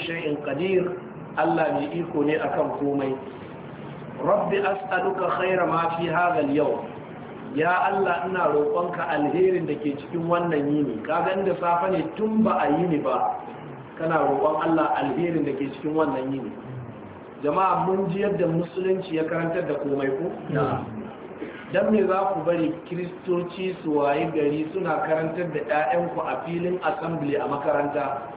shay'in qadir Allah mai iko ne akan komai rabbi as'aluka khayra ma fi hadha al-yawm ya Allah ina roƙonka alherin da ke cikin wannan yini kaga inda safa ne tun ba a yini ba kana roƙon Allah alherin da ke cikin wannan yini jama'a mun ji yadda musulunci ya karantar da komai ko dan me za ku bari kristoci su waye gari suna karantar da 'ya'yanku a filin assembly a makaranta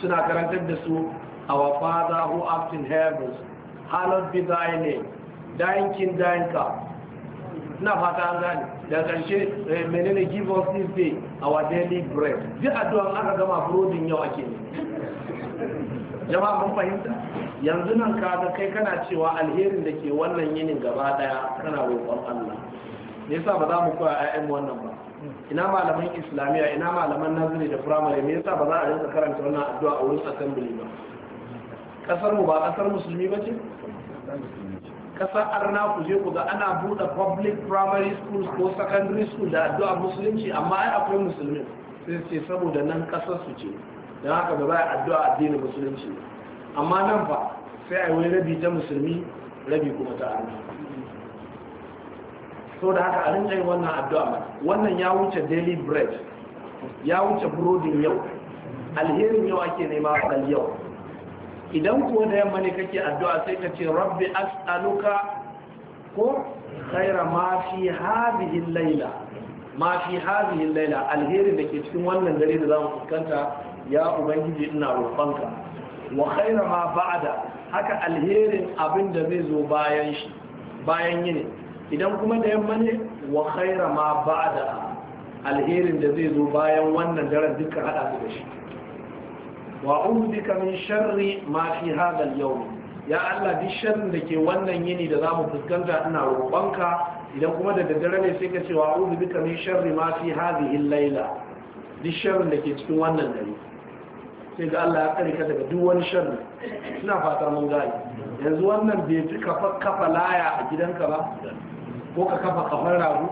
suna karantar da su a father who art in heaven halar be thy name thine na fata an da ƙarshe eh, menene give us this day our daily bread duk addu'an aka gama burodin yau ake ne jama'a fahimta yanzu nan kaga kai kana cewa alherin da ke wannan yinin gaba daya kana roƙon Allah me yasa ba za mu koya mu wannan ba ina malaman islamiyya ina malaman nazari da firamare me yasa ba za a rinka karanta wannan addu'a a wurin assembly ba kasar mu ba kasar musulmi ba ce kasa arna ku je ku ga ana buɗe public primary schools ko secondary school da addu'a musulunci amma ai akwai musulmi sai ce saboda nan kasar su ce don haka ba za a addu'a addinin musulunci amma nan fa sai a yi rabi ta musulmi rabi kuma ta arna Sau da haka a rinka wannan addu'a wannan ya wuce daily bread ya wuce burodin yau alherin yau ake nema fadal yau idan kuwa da yamma ne kake addu'a sai ka ce rabbi as'aluka ko khaira ma fi laila ma fi laila alherin da ke cikin wannan dare da mu fuskanta ya ubangiji ina roƙonka wa khaira ma ba'da haka alherin abin da zai zo bayan shi bayan yini idan kuma da yamma ne wa khaira ma ba'da alherin da zai zo bayan wannan daren duka hada su da shi wa ubdika min sharri ma fi hada al-yawm ya Allah duk sharrin da ke wannan yini da zamu fuskanta ina roƙonka idan kuma da daddare ne sai ka ce wa ubdika min sharri ma fi hadhihi al-laila duk sharrin da ke cikin wannan dare sai ga Allah ya kare ka daga duk wani sharri ina fata mun gani yanzu wannan bai fi kafa kafa laya a gidanka ba ko ka kafa kafar ragu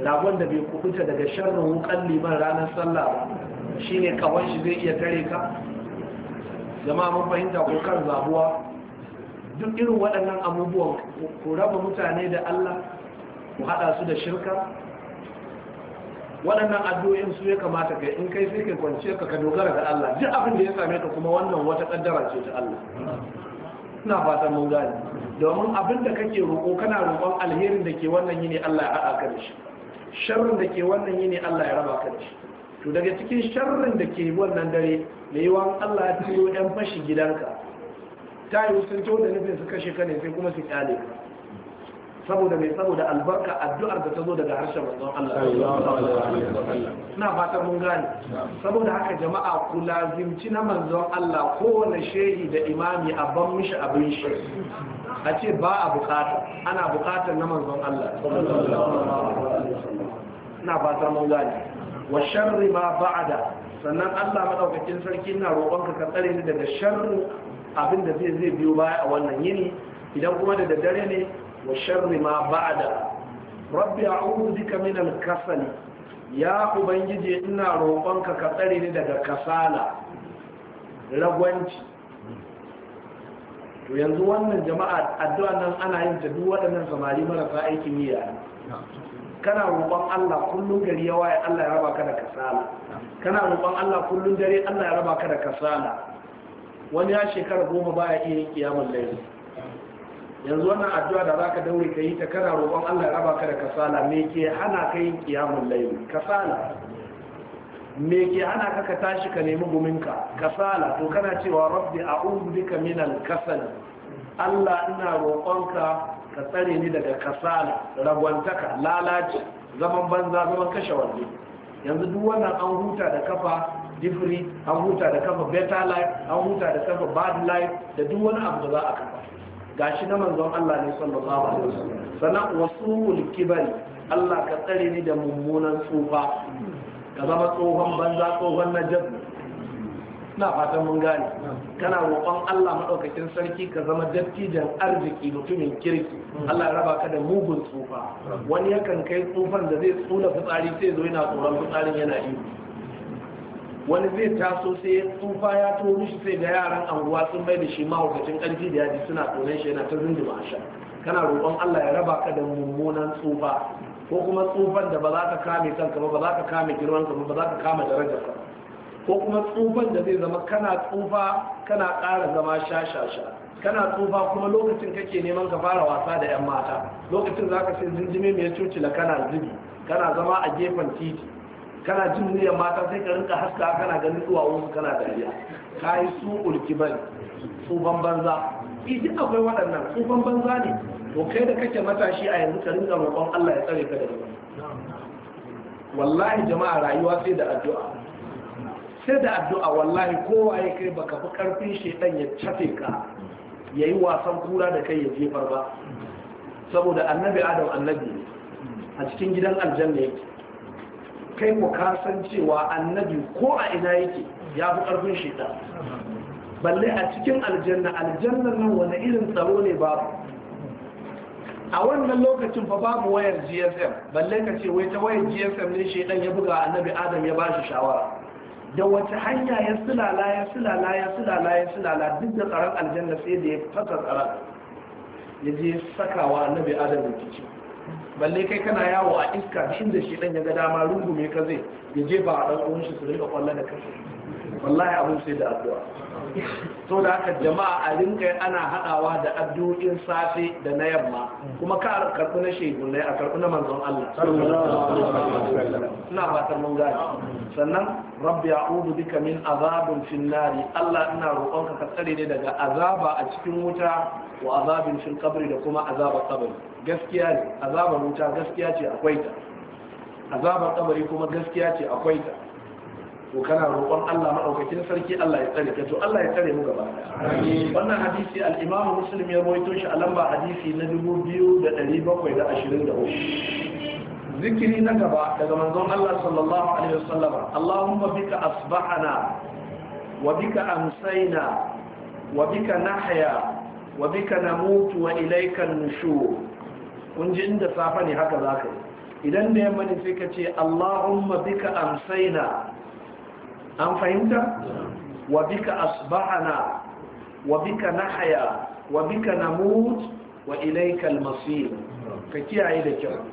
ragon da bai kubuta daga sharrin wukan liman ranar sallah ba shi ne kawai shi zai iya tare ka zama mun fahimta ko kan zabuwa duk irin waɗannan abubuwan ku raba mutane da Allah ku haɗa su da shirka waɗannan addu'o'in su ya kamata kai in kai sai kai kwanci ka ka dogara ga Allah duk abin da ya same ka kuma wannan wata ƙaddara ce ta Allah ina fatan mun gane domin abin da kake roƙo kana roƙon alherin da ke wannan yini Allah ya haɗa ka da shi sharrin da ke wannan yini Allah ya raba ka da shi to daga cikin sharrin da ke wannan dare mai yawan Allah ya turo ɗan fashi gidanka ta yi sun to da nufin su kashe ka ne sai kuma su kyale ka saboda mai saboda albarka addu'ar da ta zo daga harshen manzon Allah ina fata mun gane saboda haka jama'a ku lazimci na manzon Allah kowane shehi da imami a ban mishi abin shi a ce ba a bukata ana bukatar na manzon Allah na ta mun gani wa sharri ma ba'ada sannan Allah madaukakin sarki na roƙonka ka tsare ni daga sharri abin da zai zai biyo baya a wannan yini idan kuma da dare ne wa sharri ma ba'ada rabbi a'udhu bika min al-kasali ya ubangije ina roƙonka ka tsare ni daga kasala ragwanci to yanzu wannan jama'a addu'a nan ana yin ta duk waɗannan samari marasa aikin yi yaran kana roƙon Allah kullum gari ya waye Allah ya raba ka da kasala kana roƙon Allah kullum dare Allah ya raba ka da kasala wani ya shekara goma baya iya yin kiyamun laifi. yanzu wannan addu'a da zaka daure ka yi ta kana roƙon Allah ya raba ka da kasala me ke hana ka yin kiyamun laifi, kasala me ke hana ka ka tashi ka nemi guminka kasala to kana cewa rabbi a'udhu bika minal kasal Allah ina roƙonka ka tsare ni daga kasala ragwantaka lalaci zaman banza zaman kashe wanne yanzu duk wannan an huta da kafa difri an huta da kafa better life an huta da kafa bad life da duk wani abu da za a kafa gashi na manzon Allah ne sallallahu alaihi wasallam sana wasul kibari Allah ka tsare ni da mummunan tsufa ka zama tsohon banza tsohon na najab na fatan mun gane kana roƙon Allah maɗaukakin sarki ka zama dattijan arziki mutumin kirki Allah ya raba ka da mugun tsufa wani yakan kai tsufan da zai tsula fitsari sai zo yana tsoron fitsarin yana yi wani zai taso sai tsufa ya to mishi sai ga yaran anguwa sun bai da shi mahaukacin ƙarfi da yaji suna tsoron shi yana ta zunduma a kana roƙon Allah ya raba ka da mummunan tsufa ko kuma tsufan da ba za ka kame kanka ba ba za ka kame girman ka ba za ka kama darajar ka ko kuma tsufan da zai zama kana tsufa kana ƙara zama shashasha kana tsufa kuma lokacin kake neman ka fara wasa da yan mata lokacin za ka sai jinjime mai cucila kana zubi kana zama a gefen titi kana jin niyyar mata sai ka rinka haska kana ganin wasu kana dariya ka yi su ulkiban tsufan banza idan akwai waɗannan tsufan banza ne to kai da kake matashi a yanzu ka rinka roƙon Allah ya tsare ka da wani wallahi jama'a rayuwa sai da addu'a sai da addu'a wallahi kowa ya kai baka fi karfin shedan ya cafe ka yayi wasan kura da kai ya jefar ba saboda annabi adam annabi a cikin gidan aljanna yake kai ka san cewa annabi ko a ina yake ya fi karfin shedan balle a cikin aljanna aljanna nan wani irin tsaro ne babu a wannan lokacin fa babu wayar GSM balle ka ce wai ta wayar GSM ne shedan ya buga annabi Adam ya bashi shawara da wata hanya ya sulala ya sulala ya sulala ya sulala duk da tsaron aljanna sai da ya fasa tsaron ya je sakawa annabi Adam kici balle kai kana yawo a iska inda shedan ya ga dama rungume ka zai ya je ba a dan uwan shi su rika kwallon da kashi wallahi abin sai da addu'a to da haka jama'a a rinka ana hadawa da addu'o'in safe da na yamma kuma ka karbi na shehu ne a karbi na manzon Allah ina fatan mun gane sannan rabbi a'udhu bika min azabin finnari Allah ina roƙonka ka tsare ne daga azaba a cikin wuta wa azabin fil qabri da kuma azabar qabri gaskiya ne azabar wuta gaskiya ce akwai ta azabar qabri kuma gaskiya ce akwai ta to kana roƙon Allah madaukakin sarki Allah ya tsare ka to Allah ya tsare mu gaba wannan hadisi al-Imam Muslim ya rawaito shi a lamba hadisi na 2723 zikiri na gaba daga manzon Allah sallallahu alaihi wasallam Allahumma bika asbahana wa bika amsayna wa bika nahya wa bika namutu wa ilayka an-nushur kun ji inda safa ne haka zaka yi idan da yamma ne sai ka ce Allahumma bika amsayna an fahimta wa bika asbahana wa bika wa bika namut wa ilayka ka kiyaye da kyau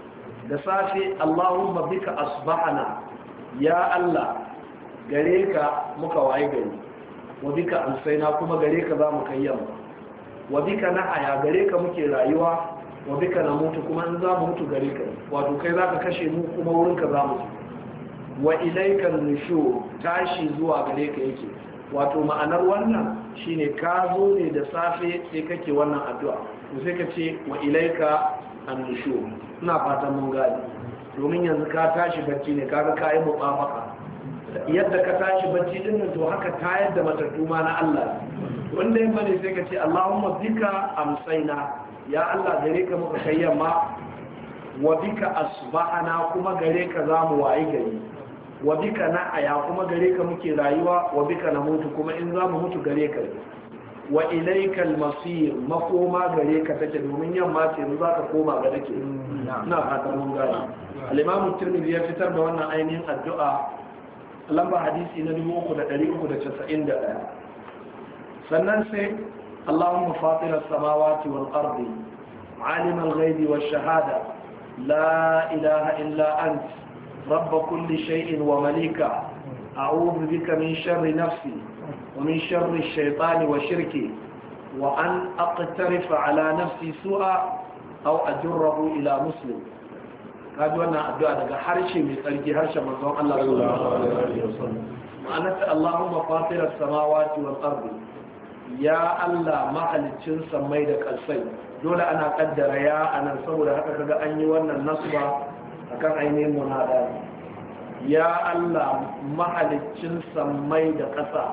da safe Allahumma bika asbahana ya Allah gare ka muka waye gari wa bika kuma gare ka zamu kai wa bika nahaya gare ka muke rayuwa wa bika namutu kuma in zamu mutu gare ka wato kai zaka kashe mu kuma wurin ka zamu wa ilaikan nushu tashi zuwa gare ka yake wato ma'anar wannan shine ka zo ne da safe sai kake wannan addu'a to sai ka ce wa ilaika nisho? ina fatan mun gani domin yanzu ka tashi bacci ne kaga ka yi mubafaka yadda ka tashi bacci din to haka tayar da matattu ma na Allah wanda yamma ne sai ka ce Allahumma bika amsaina ya Allah gare ka muka kai yamma wa bika asbahana kuma gare ka zamu wayi gari wa bika na'aya kuma gare ka muke rayuwa wa bika na mutu kuma in za mu mutu gare ka wa ilaika almasir makoma gare ka take domin yamma ce mu za ka koma ga take mm. ina fatan mun gane al-imam tirmidhi ya fitar da wannan ainihin addu'a lamba hadisi na 3391 sannan sai اللهم فاطر السماوات والأرض عالم الغيب shahada. La إله illa أنت رب كل شيء ومليكه أعوذ بك من شر نفسي ومن شر الشيطان وشركي وأن أقترف على نفسي سوءا أو أجره إلى مسلم kaji wannan addu'a daga harshe mai tsarki harshen manzon Allah sallallahu alaihi wasallam ma'ana ta Allahumma fatir as-samawati wal ardi ya Allah mahalicin samai da kalsai dole ana kaddara ya anan saboda haka kaga an yi wannan nasba akan ainihin munada ya Allah mahaliccin sammai da ƙasa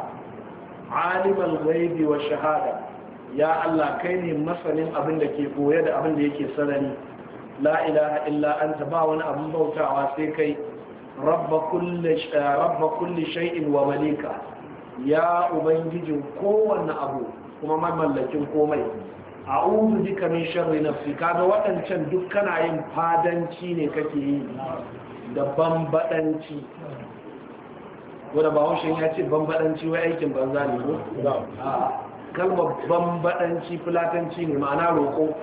alimal ghaibi wa shahada ya Allah kai ne masanin abin da ke koye da abin da yake sanani la ilaha illa anta ba wani abin bautawa sai kai rabba kulli eh, shay'in wa malika ya ubangijin kowanne abu kuma mamallakin komai a uzu jika min sharri nafsi kaga waɗancan duk kana yin fadanci ne kake yi da bambadanci wadda ba haushe ya ce bambadanci wai aikin banza ne ko kalmar bambadanci fulatanci ne ma'ana roƙo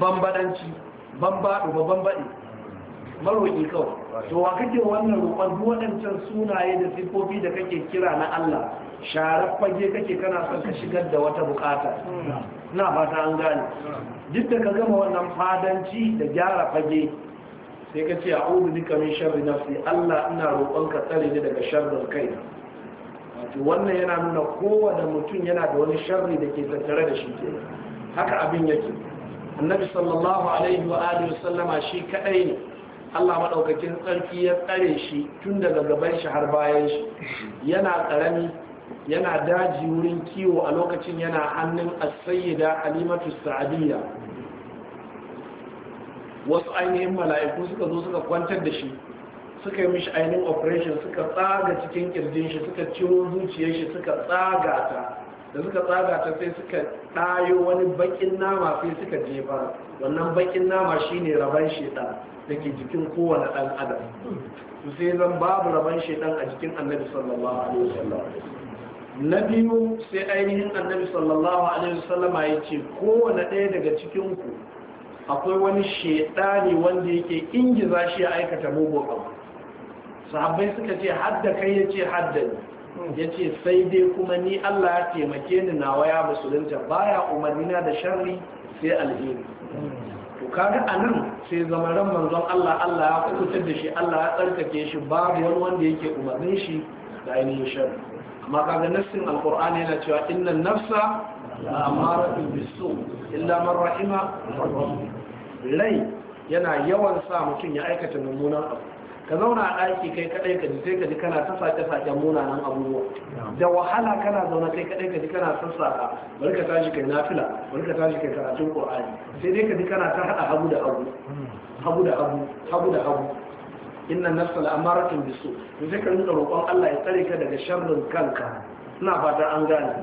bambadanci bambaɗo ba bambaɗe maroƙi kawai to wa kake wannan roƙon duk waɗancan sunaye da siffofi da kake kira na Allah sharar fage kake kana son ka shigar da wata bukata na fata an gane duk da ka gama wannan fadanci da gyara fage sai ka ce a'udhu bika min sharri nafsi Allah ina roƙonka tsare ni daga sharrin kai. wato wannan yana nuna kowane mutum yana da wani sharri da ke tattare da shi ke haka abin yake annabi sallallahu alaihi wa alihi sallama shi kadai ne Allah madaukakin tsarki ya tsare shi tun daga gaban shi har bayan shi yana karami yana daji wurin kiwo a lokacin yana hannun asayyida alimatu sa'adiyya wasu ainihin mala'iku suka zo suka kwantar da shi suka yi mishi ainihin operation suka tsaga cikin kirjin shi suka ciwo zuciyar shi suka tsaga ta da suka tsaga ta sai suka ɗayo wani bakin nama sai suka jefa wannan bakin nama shine raban shaitan da ke jikin kowane ɗan adam sai zan babu raban shaitan a jikin annabi sallallahu alaihi wasallam na biyu sai ainihin annabi sallallahu alaihi wasallama ya ce kowane ɗaya daga cikinku akwai wani shaidani wanda yake ingiza shi ya aikata mugun abu sahabbai suka ce hadda kai ya ce hadda ne ya ce sai dai kuma ni allah ya taimake ni nawa ya musulunta baya umarnina da sharri sai alheri to kaga a nan sai zama ran manzon allah allah ya kubutar da shi allah ya tsarkake shi babu wani wanda yake umarnin shi da ainihin sharri amma kaga nassin alqur'ani yana cewa innan nafsa la'amaratu bisu illa man rahima rai yana yawan sa mutum ya aikata mummunan abu ka zauna a ɗaki kai kaɗai ka ji sai ka ji kana ta sake sake munanan abubuwa da wahala kana zauna kai kaɗai ka ji kana sassaka bari ka tashi kai nafila bari ka tashi kai karatun ƙur'ani. sai dai ka ji kana ta haɗa hagu da hagu hagu da hagu hagu da hagu inna nafsa la'amaratun bisu to sai ka nuna roƙon Allah ya tsare ka daga sharrin kanka ina fatan an gane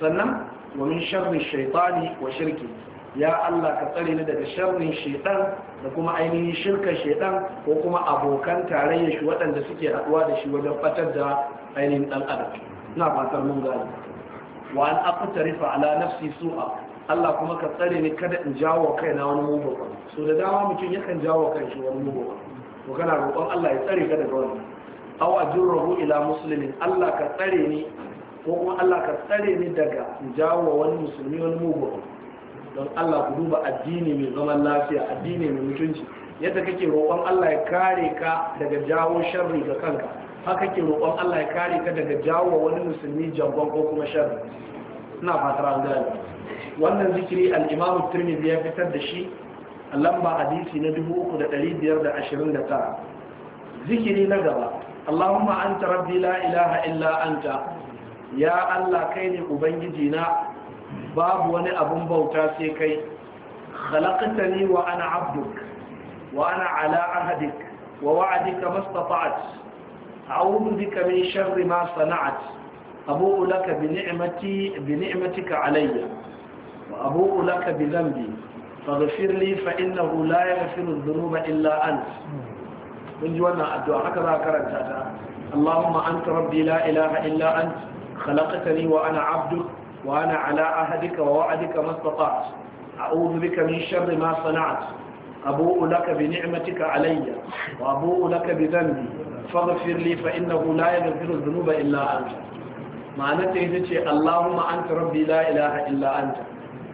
sannan wa min sharri shaytani wa shirki ya Allah ka tsare ni daga sharrin shaytan da kuma ainihin shirka shaytan ko kuma abokan tarayyar shi waɗanda suke haɗuwa da shi wajen fatar da ainihin dan adam ina fatan mun gane wa an aqtarifa ala nafsi su'a Allah kuma ka tsare ni kada in jawo kaina wani mugu so da dama mutum yakan jawo kanshi wani mugu to kana roƙon Allah ya tsare ka daga wannan aw ajurruhu ila muslimin Allah ka tsare ni ko kuma Allah ka tsare ni daga jawo wani musulmi wani mugu don Allah ku duba addini mai zaman lafiya addini mai mutunci yadda kake roƙon Allah ya kare ka daga jawo sharri ga kanka haka kake roƙon Allah ya kare ka daga jawo wani musulmi jangon ko kuma sharri ina fatar an gane wannan zikiri al-Imam Tirmidhi ya fitar da shi lamba hadisi na 3529 zikiri na gaba Allahumma anta rabbi la ilaha illa anta ya Allah kai ne ubangiji na babu wani abun bauta sai kai khalaqtani wa ana abduk wa ana ala ahdik wa wa'adika mastata'at a'udhu bika min sharri ma sana'at abu'u laka bi ni'mati bi ni'matika alayya wa abu'u laka bi dhanbi faghfir li fa innahu la yaghfiru dhunuba illa ant kun ji wannan addu'a haka za ka karanta ta Allahumma anta rabbi la ilaha illa ant khalaqtani wa ana 'abduk wa ana 'ala ahdika wa wa'dika mastata'tu a'udhu bika min sharri ma sana'tu أبوء لك بنعمتك علي وأبوء لك بذنبي فاغفر لي فإنه لا يغفر الذنوب إلا أنت معناته إذا اللهم أنت ربي لا إله إلا أنت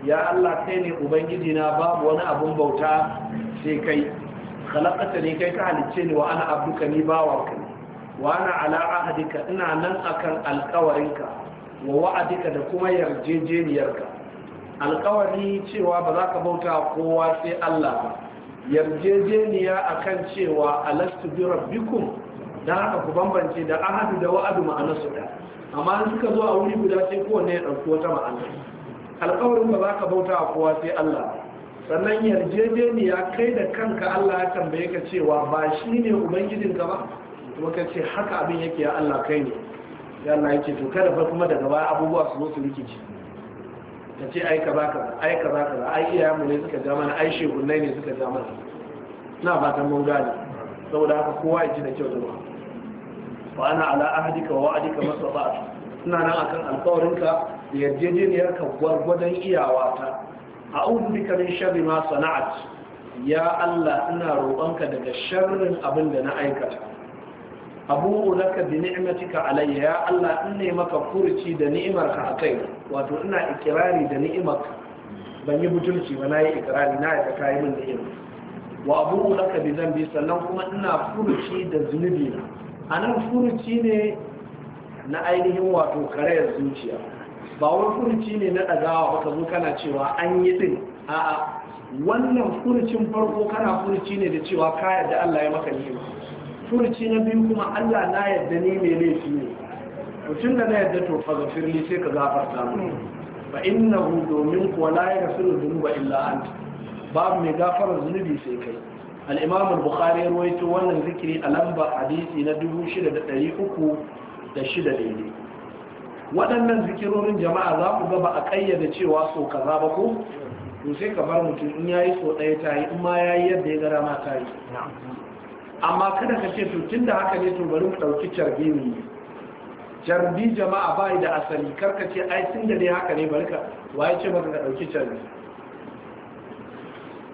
ya Allah kai ne ubangiji na babu wani abun bauta sai kai khalaqata ne kai ka halicce ni wa ana abduka ni bawanka wa ana ala ahdika ina nan akan alkawarinka wa wa'adika da kuma yarjejeniyarka alkawari cewa ba za ka bauta kowa sai Allah ba yarjejeniya akan cewa alastu bi rabbikum da haka ku bambance da ahadu da wa'adu ma'anarsu da amma suka zo a wuri guda sai kowanne ya ɗauki wata ma'ana alƙawarin ba za ka bauta a kowa sai Allah sannan yarjejeniya kai da kanka Allah ya tambaye ka cewa ba shi ne ubangijinka ba kuma ka ce haka abin yake ya Allah kai ne ya Allah yake to kada fa kuma daga baya abubuwa su zo su rikici ka ce ai kaza kaza ai kaza kaza ai iyaye mu ne suka ja mana ai shehunnai ne suka ja mana na fatan mun gane saboda haka kowa ya ji da kyau da ba wa ana ala ahdika wa wa'adika masaba'atu suna nan akan alkawarinka da ka gwargwadon iyawata a'udhu bika min sharri ma sana'at ya Allah ina roƙonka daga sharrin abin da na aikata abu ulaka bi ni'matika alayya ya Allah in ne maka furci da ni'imarka akai wato ina ikirari da ni'imarka ban yi butulci ba nayi ikirari na yaka kai min da yin wa abu ulaka bi zambi sannan kuma ina furuci da zunubi na anan furci ne na ainihin wato karayar zuciya ba wani furuci ne na ɗagawa ba ka zo kana cewa an yi a a'a wannan furucin farko kana furuci ne da cewa ka yarda Allah ya maka ni'ima furuci na biyu kuma Allah na yarda ni mai laifi ne tun da na yarda to fa gafirli sai ka gafarta mu fa innahu domin kuwa la yaghfiru dhunuba illa anta babu mai gafara zunubi sai kai al-imam al-bukhari ya rawaito wannan zikiri a lamba hadisi na 6300 da shida daidai waɗannan zikirorin jama'a za ku gaba a ƙayyade cewa so za ba ko to sai ka bar mutum in ya yi so ɗaya ta yi in ma yi yadda ya gara ma ta yi amma kada ka ce to tun da haka ne to bari mu ɗauki carbi ne carbi jama'a ba da asali kar ka ce ai tun da dai haka ne bari ka waye ce ba ka ɗauki carbi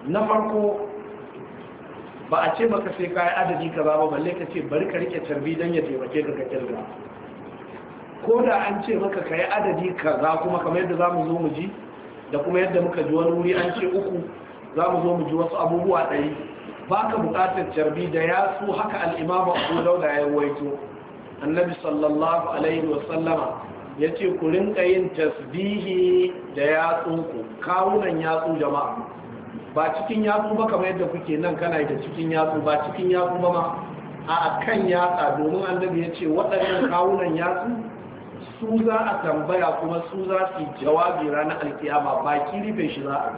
na farko ba a ce maka sai kayi adadi ka ba balle ka ce bari ka rike tarbi don ya taimake ka kirga ko da an ce maka ka yi adadi ka za kuma kamar yadda za mu zo mu ji da kuma yadda muka ji wani wuri an ce uku za mu zo mu ji wasu abubuwa ɗari ba ka buƙatar tarbi da ya haka al'imama abu dauda ya waito annabi sallallahu alaihi wasallama ya ce ku rinka yin tasbihi da ku, kawunan yatsu jama'a ba cikin yatsu ba kamar yadda kuke nan kana da cikin yatsu ba cikin yatsu ba ma a kan yatsa domin annabi ya ce waɗannan kawunan yatsu su za a tambaya kuma su za su jawabi ranar alkiyama baki rufe shi za a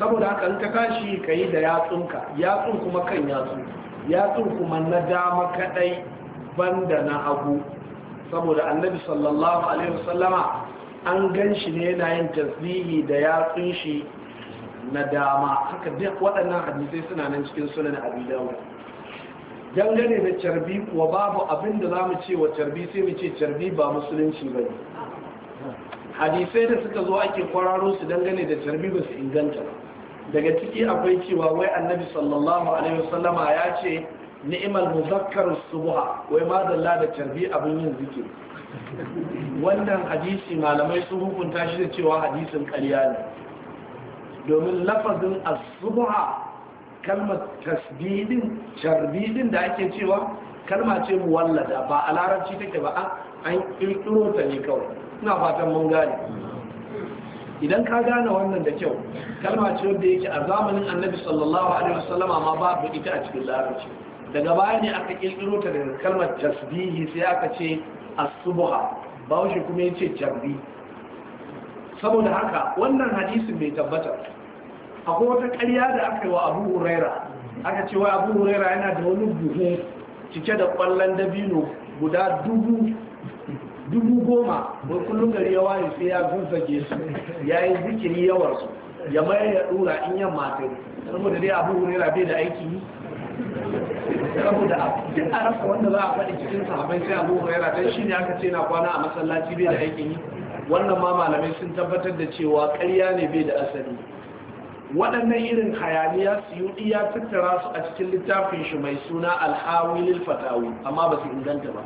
saboda haka in ka kashi ka yi da yatsunka yatsun kuma kan yatsu yatsun kuma na dama kaɗai banda na hagu saboda annabi sallallahu alaihi wasallama an gan shi ne yana yin tasbihi da yatsun shi na dama haka duk waɗannan hadisai suna nan cikin sunan abi dangane da carbi kuwa babu abin da zamu ce wa carbi sai mu ce carbi ba musulunci ne. hadisai da suka zo ake kwararo su dangane da carbi ba su inganta daga ciki akwai cewa wai annabi sallallahu alaihi wasallama ya ce ni'mal muzakkar subha wai madalla da carbi abin yin zikiri wannan hadisi malamai sun hukunta shi da cewa hadisin ƙarya ne domin lafazin asubuha kalmar tasbidin charbidin da ake cewa kalma ce mu wallada. ba a larabci take ba an kirkiro ta ne kawai ina fatan mun gane idan ka gane wannan da kyau kalma ce wanda yake a zamanin annabi sallallahu alaihi wasallama ma ba babu ita a cikin larabci daga baya ne aka kirkiro ta daga kalmar tasbihi sai aka ce asubuha bawo kuma ya ce jarbi saboda haka wannan hadisin mai tabbata akwai wata ƙarya da aka yi wa abu huraira aka ce wa abu huraira yana da wani buhu cike da ƙwallon dabino guda dubu dubu goma mai kullum gari ya waye sai ya gunzage su ya yi zikiri yawar su ya mayar ya dura in yamma sai saboda dai abu huraira bai da aiki saboda duk a rasa wanda za a faɗi cikin sahabai sai abu huraira dan shi ne aka ce na kwana a masallaci bai da aikin yi wannan ma malamai sun tabbatar da cewa karya ne bai da asali waɗannan irin hayaniya su suyuɗi ya tattara su a cikin littafin shi mai suna alhawilil fatawi amma ba su inganta ba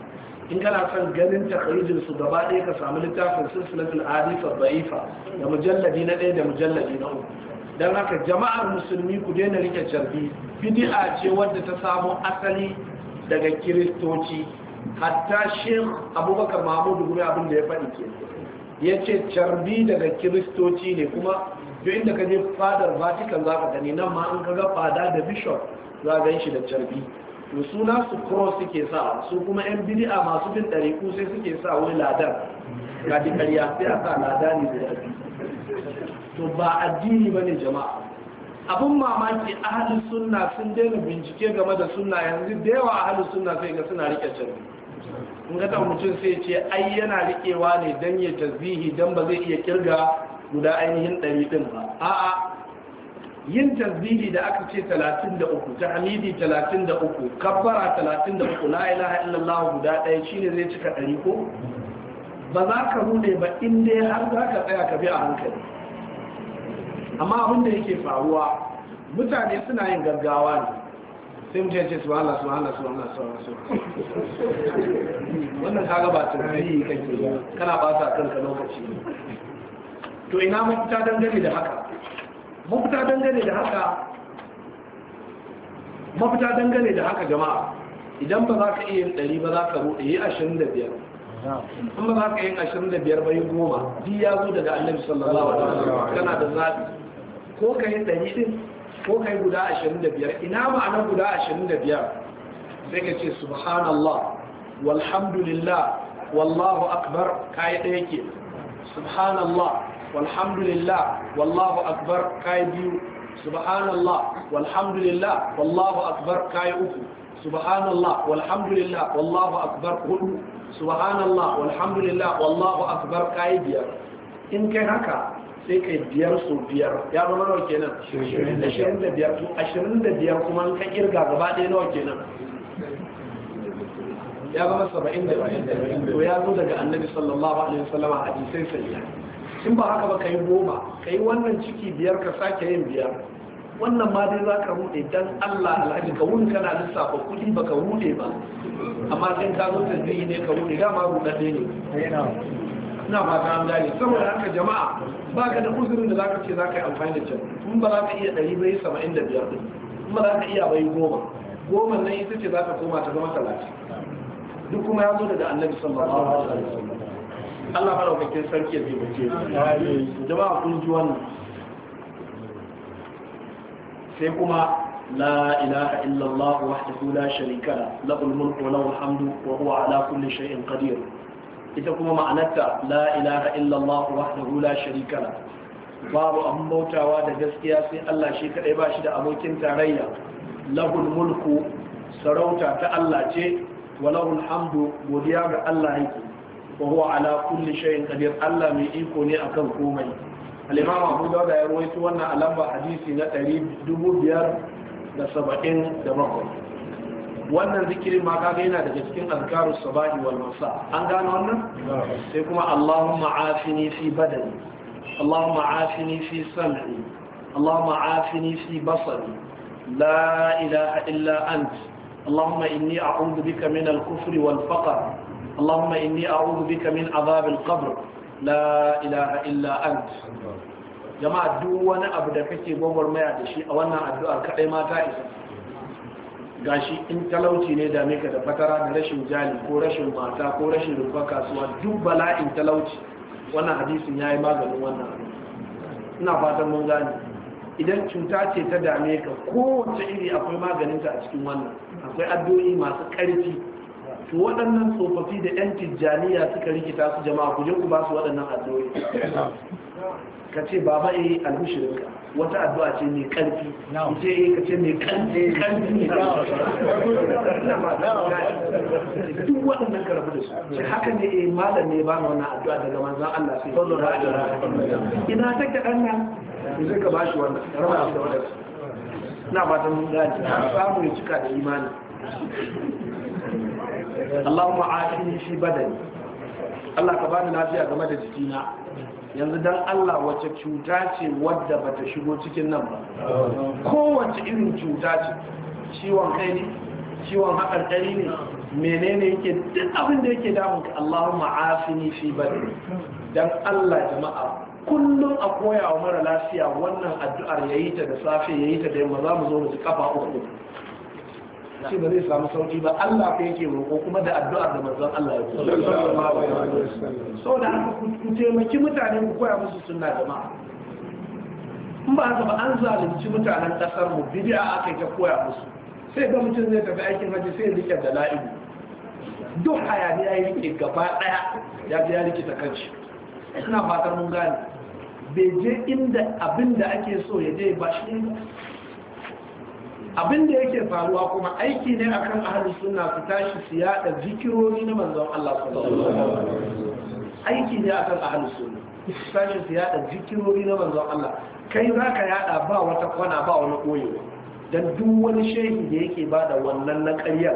in kana son ganin takarijin su gaba ɗaya ka samu littafin silsilatul hadisa ba'ifa da mujalladi na ɗaya da mujalladi na uku don haka jama'ar musulmi ku daina rike carbi Bidi'a ce wadda ta samo asali daga kiristoci hatta shekh abubakar mahmud gumi abin ya faɗi ke ya ce carbi daga kiristoci ne kuma duk da ka je fadar vatican za ka gani nan ma an ga fada da bishop za ka shi da carbi to suna su cross suke sa su kuma yan bidi'a masu bin ɗariku sai suke sa wani ladan ga di ƙarya sai a sa ne da abi to ba addini ba ne jama'a abun mamaki ahalin sunna sun daina bincike game da sunna yanzu da yawa ahalin sunna sai ga suna rike carbi in ga ta mutum sai ce ai yana rikewa ne dan ya tasbihi dan ba zai iya kirga guda ainihin ɗari ɗin ba a'a yin tasbihi da aka ce 33 tahmidi 33 kabbara 33 la ilaha illallah guda ɗaya shine zai cika ɗari ko ba za ka rude ba in dai har za ka tsaya ka bi a hankali amma abin da yake faruwa mutane suna yin gaggawa ne sai mutum ce su Allah su Allah su Allah su Allah su wannan kaga ba tunani kana ba sa ka lokaci to ina mafita dangane da haka mafita dangane da haka mafita dangane da haka jama'a idan ba za ka iya yin ɗari ba za ka ruɗe yi ashirin da biyar in ba za ka yin ashirin da biyar ba yi goma biya ya zo daga annabi sallallahu alaihi wasallam kana da zaɓi ko ka yi ɗari ɗin ko kai guda ashirin da biyar ina ma'anar guda ashirin sai ka ce subhanallah walhamdulillah wallahu akbar kayi ɗaya ke subhanallah walhamdulillah wallahu akbar kayi biyu subhanallah walhamdulillah wallahu akbar kayi uku subhanallah walhamdulillah wallahu akbar hudu subhanallah walhamdulillah wallahu akbar kayi biyar in kai haka sai kai biyar su biyar ya zama nawa kenan ashirin da biyar to ashirin da biyar kuma ka kirga gaba ɗaya nawa kenan ya zama saba'in da biyar to ya zo daga annabi sallallahu alaihi wasallam a hadisai sahiha in ba haka ba kai goma yi wannan ciki biyar ka sake yin biyar wannan ma dai za ka rude dan Allah alhaji ka wuni kana lissafa kudi ba ka rude ba amma sai ka zo tasbihi ne ka rude dama rudade ne na ba ta an gane saboda haka jama'a ba ka da uzurin da za ka ce za ka yi amfani da can in ba za ka iya ɗari bai saba'in da biyar ɗin in ba za ka iya bai goma goma nan ita ce za ka koma ta zama talatin duk kuma ya zo da annabi sallallahu alaihi wasallam Allah fara wakil sarki ya taimake jama'a kun ji wannan sai kuma لا إله إلا الله وحده لا شريك له له الملك وله الحمد وهو على كل شيء قدير ita kuma ma'anarta la ilaha illallah wahdahu la sharika la babu abun bautawa da gaskiya sai Allah shi kadai ba shi da abokin tarayya lahul mulku sarauta ta Allah ce wa lahul hamdu godiya ga Allah yake wa huwa ala kulli shay'in qadir Allah mai iko ne akan komai al-imam Abu Dawud ya rawaito wannan a hadisi na 2577 wannan zikirin ma kaga yana daga cikin azkaru sabahi wal masa an gano wannan sai kuma Allahumma afini fi badani Allahumma afini fi sam'i Allahumma afini fi basari la ilaha illa ant Allahumma inni a'udhu bika min al-kufri wal faqr Allahumma inni a'udhu bika min adhab al-qabr la ilaha illa ant jama'a duk wani abu da kake gwagwarmaya da shi a wannan addu'ar kadai mata isa gashi in talauci ne dame ka da fatara da rashin jali ko rashin mata ko rashin rufa kasuwa duk bala'in talauci wannan hadisin ya yi maganin wannan ina fatan mun gane idan cuta ce ta dame ka kowace iri akwai maganinta a cikin wannan akwai addu'o'i masu ƙarfi to waɗannan tsofaffi da 'yan tijjaniya suka rikita su jama'a ku je ku ba su waɗannan addu'o'i ka ce ba baba eh albishirinka wata addu'a ce mai karfi ce yi eh, ka ce mai karfi karfi eh, duk waɗannan karfi da su ce haka ne yi eh, malam ne ba na wannan addu'a daga manzon Allah sai sallallahu alaihi wasallam ina ta ka ɗan nan zai ka bashi wannan rama da wannan na ba mun gani samu ya cika da imani Allahumma aatini shi badani Allah ka bani lafiya game da jikina yanzu don Allah wace cuta ce wadda ta shigo cikin nan ba kowace irin cuta ce ciwon kai ne ciwon ɗari ne menene yake duk abin da yake damun ka Allahumma afini fi ne, don Allah jama'a kullum a koya wa mara lafiya wannan addu'ar ya yi ta da safe ya yi ta da yamma za mu zo mu ji kafa uku shi ba zai samu sauki ba Allah ko yake roƙo kuma da addu'ar da manzon Allah ya yi da haka ku taimaki mutane ku koya musu sunna jama'a in ba haka ba an zalunci mutanen kasar mu bid'a aka ta koya musu sai ga mutum zai tafi aikin haji sai rike da la'ibu duk hayani ya rike gaba daya ya ji ya ta kanci ina fatan mun gane bai je inda abin da ake so ya je ba shi abin da yake faruwa kuma aiki ne akan ahlus suna su tashi su yada zikirori na manzon Allah su alaihi wasallam aiki ne akan ahlus suna su tashi su yada zikirori na manzon Allah kai za ka yada ba wata kwana ba wani koyewa dan duk wani shehi da yake da wannan na ƙarya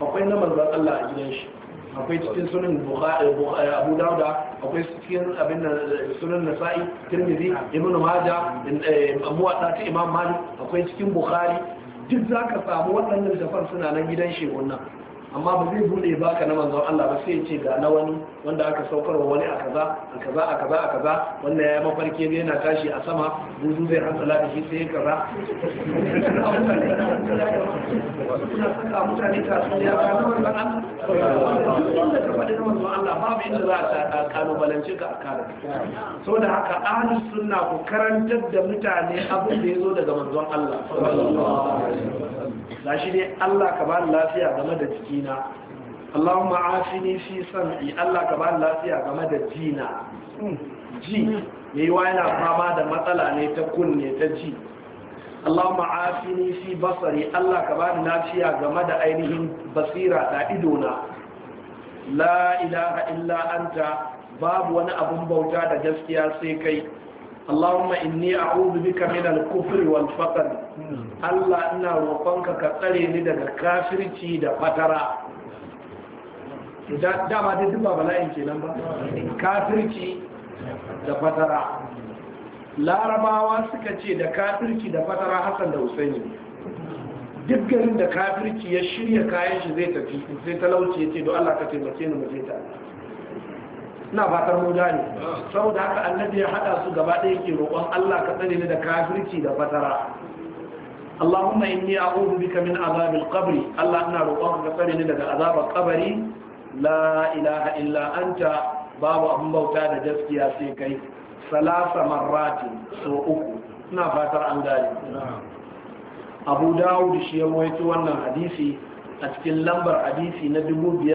akwai na manzon Allah a gidan shi akwai cikin sunan abu dauda akwai cikin abin eh, sunan nasa'i tirmidhi ibn majah eh, muwadda ta imam malik akwai cikin bukhari duk za ka samu waɗannan jafar suna nan gidan shehun nan amma ba zai bude baka na manzon Allah ba sai ce ga na wani wanda aka saukarwa wani a kaza a kaza a kaza a kaza Wannan ya mafarki ne yana tashi a sama buzu zai hantsala da shi sai kaza kuna saka mutane ta sun ya ga na manzon Allah wanda ka faɗi na manzon Allah babu inda za a kalubalance ka a kare da haka ahlus sunna ku karantar da mutane abin da ya zo daga manzon Allah sallallahu alaihi wasallam shi dai Allah ka bani lafiya game da jikina Allahumma afini fi sam'i Allah ka bani lafiya game da jina ji yayi wa yana fama da matsala ne ta kunne ta ji Allahumma afini fi basari Allah ka bani lafiya game da ainihin basira da idona la ilaha illa anta babu wani abun bauta da gaskiya sai kai اللهم إني أعوذ بك من الكفر والفقر الله إنا روقنك كتري daga كافر da fatara. dama dai duk ba bala'in ke nan ba kafirci da fatara larabawa suka ce da kafirci da fatara hassan da husaini duk garin da kafirci ya shirya kayan shi zai tafi sai talauci ya ce don allah ka taimake ni mu ta. tare ina fatar mu ne saboda haka annabi ya hada su gaba ɗaya ke roƙon Allah ka tsare ni da kafirci da fatara Allahumma inni a'udhu bika min azabil qabr Allah ina roƙon ka tsare ni daga azabar kabari la ilaha illa anta babu abin bauta da gaskiya sai kai salasa marrati so uku ina fatar an gane Abu Dawud shi ya wannan hadisi a cikin lambar hadisi na 2500